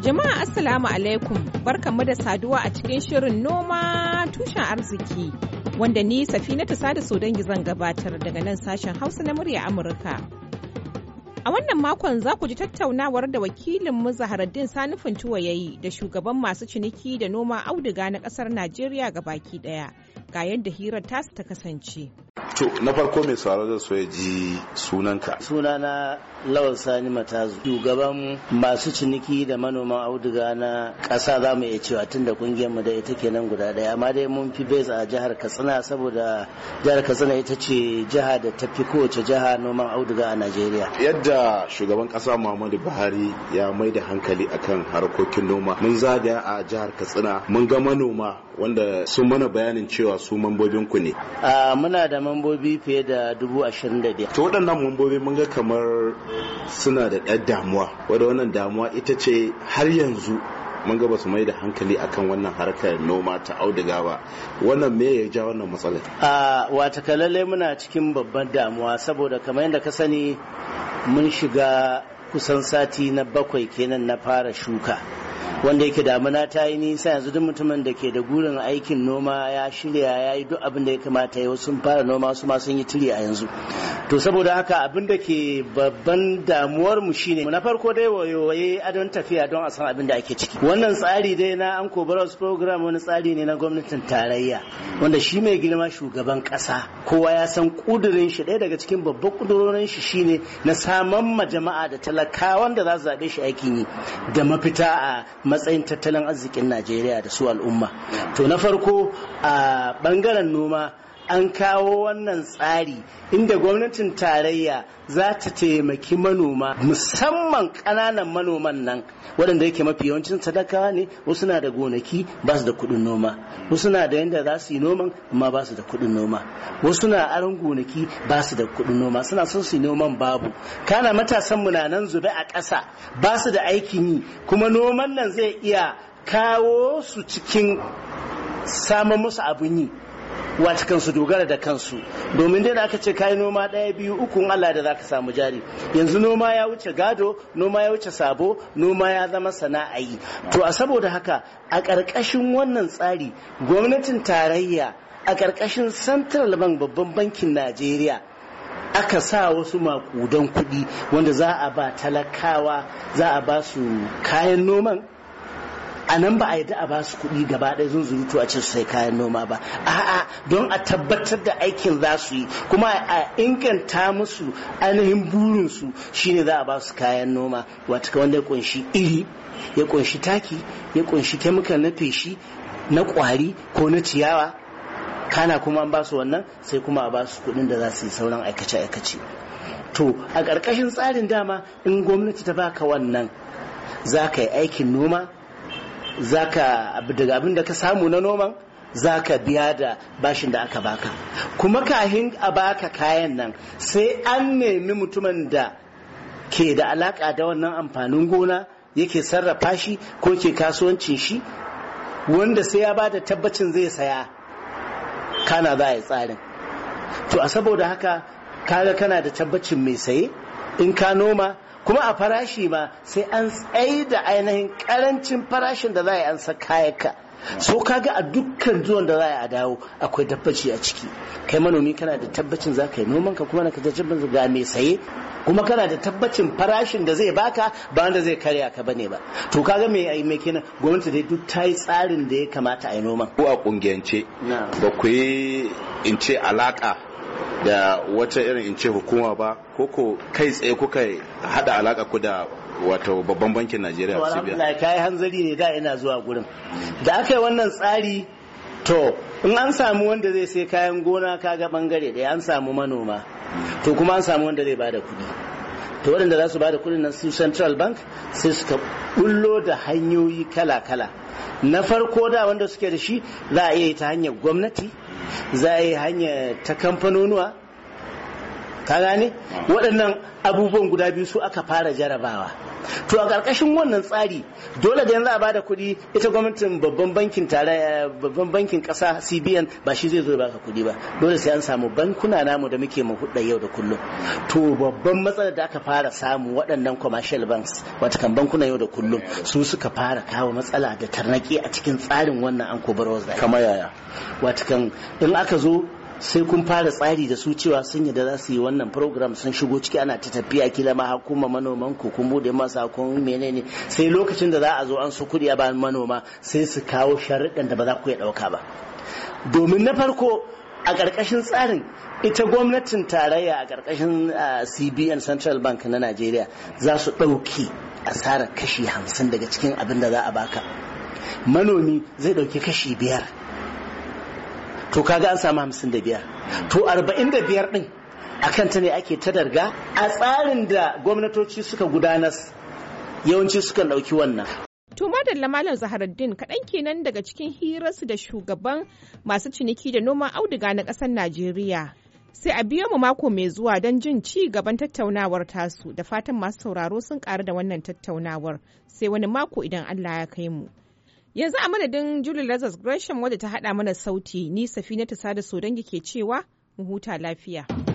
Jama'a Assalamu alaikum barkanmu da saduwa a cikin shirin noma tushen arziki wanda ni Safina ta Sada sodan gizan gabatar daga nan sashen Hausa na murya Amurka. A wannan makon za ku ji tattaunawar da wakilin mu Zaharaddin Sani Funtuwa ya yi da shugaban masu ciniki da noma auduga na ƙasar Najeriya ga baki ɗaya ga yadda hirar tasu ta kasance. to na farko mai sauraro zai so ya ji sunanka na lawal sani matazu shugaban masu ciniki da manoman auduga na kasa za mu iya cewa tun da kungiyar mu da ita nan guda ɗaya amma dai mun fi base a jihar katsina saboda jihar katsina ita ce jiha da ta fi kowace jiha noman auduga a najeriya yadda shugaban ƙasa muhammadu buhari ya mai da hankali akan harkokin noma mun zagaya a jihar katsina mun ga manoma wanda sun mana bayanin cewa su mambobinku ne muna da mambobin. mambobi fiye da dubu ashirin da biyar. To waɗannan mambobi mun ga kamar suna da ɗan damuwa wadda wannan damuwa ita ce har yanzu mun ga basu mai da hankali akan wannan harkar noma ta auduga ba wannan me ya ja wannan matsalar a wata kalalle muna cikin babban damuwa saboda kamar yadda ka sani mun shiga kusan sati na bakwai kenan na fara shuka wanda yake damuna ta yi nisa yanzu duk mutumin da ke da gurin aikin noma ya shirya ya yi duk abin da ya kamata yau sun fara noma su ma sun yi tiri a yanzu to saboda haka abin da ke babban damuwar mu shine na farko dai wayoyi adon tafiya don a san abin da ake ciki wannan tsari dai na an kobaros program wani tsari ne na gwamnatin tarayya wanda shi mai girma shugaban kasa kowa ya san kudurin shi ɗaya daga cikin babban kudurorin shi shine na saman ma jama'a da talakawa da za su zaɓe shi aikin yi da mafita a matsayin tattalin arzikin najeriya da su al'umma to na farko a bangaren noma an kawo wannan tsari inda gwamnatin tarayya za ta taimaki manoma musamman ƙananan manoman nan waɗanda yake mafi yawancin sadakawa ne wasu na da gonaki ba su da kuɗin noma wasu na da yadda za su yi noman amma ba su da kuɗin noma wasu na aron gonaki ba su da kuɗin noma suna son su yi noman babu kana matasan mu na nan zube a ƙasa ba su da aikin yi kuma noman nan zai iya kawo su cikin samun musu abin yi wace kansu dogara da kansu domin dai da aka ce kai noma ɗaya biyu ukun Allah da zaka samu jari yanzu noma ya wuce gado noma ya wuce sabo noma ya zama yi to a saboda haka a ƙarƙashin wannan tsari gwamnatin tarayya a ƙarƙashin central bank babban bankin najeriya aka sa wasu makudan kuɗi wanda za a ba talakawa za a ba su kayan noman a nan ba a yi a ba su kuɗi gaba ɗaya zurutu a ce sai kayan noma ba a'a don a tabbatar da aikin za su yi kuma a inganta musu ainihin burinsu shine za a ba su kayan noma wata wanda ya kunshi iri ya kunshi taki ya kunshi kemikal na feshi na kwari ko na ciyawa kana kuma an ba su wannan sai kuma a ba su kuɗin da za su yi sauran aikace-aikace to a ƙarƙashin tsarin dama in gwamnati ta baka wannan za ka yi aikin noma zaka daga abin da ka samu na noman zaka biya da bashin da aka baka kuma kahin a baka kayan nan sai an nemi mutumin da ke da alaka da wannan amfanin gona yake sarrafa shi ko ke kasuwancin shi wanda sai ya bada tabbacin zai saya kana za a yi tsarin to a saboda haka kaga kana da tabbacin mai saye in ka noma kuma a farashi ma sai an tsaye da ainihin karancin farashin da za a yi an sa kayanka so kaga a dukkan zuwan da za a dawo akwai tabbaci a ciki kai manomi kana da tabbacin za ka yi noman ka kuma ka tabbacin ga mai saye kuma kana da tabbacin farashin da zai baka ba wanda zai karya ka bane ba to kaga me ai me kenan gwamnati dai duk ta yi tsarin da ya kamata a yi noman ko a kungiyance ba ku yi in ce alaka da wata irin in ce hukuma ba ko kai tsaye kuka hada alaka ku da wato babban bankin najeriya ka kai hanzari ne da ina zuwa gurin da aka yi wannan tsari to in an samu wanda zai sai kayan gona kaga bangare ɗaya an samu manoma to kuma an samu wanda zai bada kuɗi to waɗanda za su bada kuɗin nan su central bank sai suka bullo da hanyoyi kala-kala na farko da wanda suke da shi za a iya ta hanyar gwamnati za a yi hanya ta kamfanonuwa ka gane ah. waɗannan abubuwan guda biyu su aka fara jarabawa to a ƙarƙashin wannan tsari dole da yanzu a bada kuɗi ita gwamnatin babban bankin tare babban bankin ƙasa CBN ba shi zai zo baka kuɗi ba dole sai an samu bankuna namu da muke mu huɗa yau da kullum to babban matsalar da aka fara samu waɗannan commercial banks watakan bankuna yau da kullum su suka fara kawo matsala da tarnaƙi a cikin tsarin wannan an kobar kamar yaya watakan in aka zo sai kun fara tsari da su cewa sun yadda za su yi wannan program sun shigo ciki ana ta tafiya kila ma hakuma manoman ku kun bude masa kun menene sai lokacin da za a zo an su kudi a bayan manoma sai su kawo sharuɗan da ba za ku ya ɗauka ba domin na farko a ƙarƙashin tsarin ita gwamnatin tarayya a ƙarƙashin cbn central bank na najeriya za su ɗauki asarar kashi hamsin daga cikin abin da za a baka manomi zai ɗauki kashi biyar to kaga an samu hamsin da biyar to arba'in da biyar din akan ta ne ake ta darga a tsarin da gwamnatoci suka gudanar yawanci suka ɗauki wannan To madalla Malam Zaharaddin kaɗan kenan daga cikin hirarsu da shugaban masu ciniki da noman auduga na ƙasar Najeriya. Sai a biyo mu mako mai zuwa don jin ci gaban tattaunawar tasu da fatan masu sauraro sun ƙaru da wannan tattaunawar sai wani mako idan Allah ya kai mu. Yanzu a madadin Julie Lazarus Gresham wadda ta haɗa mana sauti, ni ta Sada Sodangi ke cewa mu huta lafiya.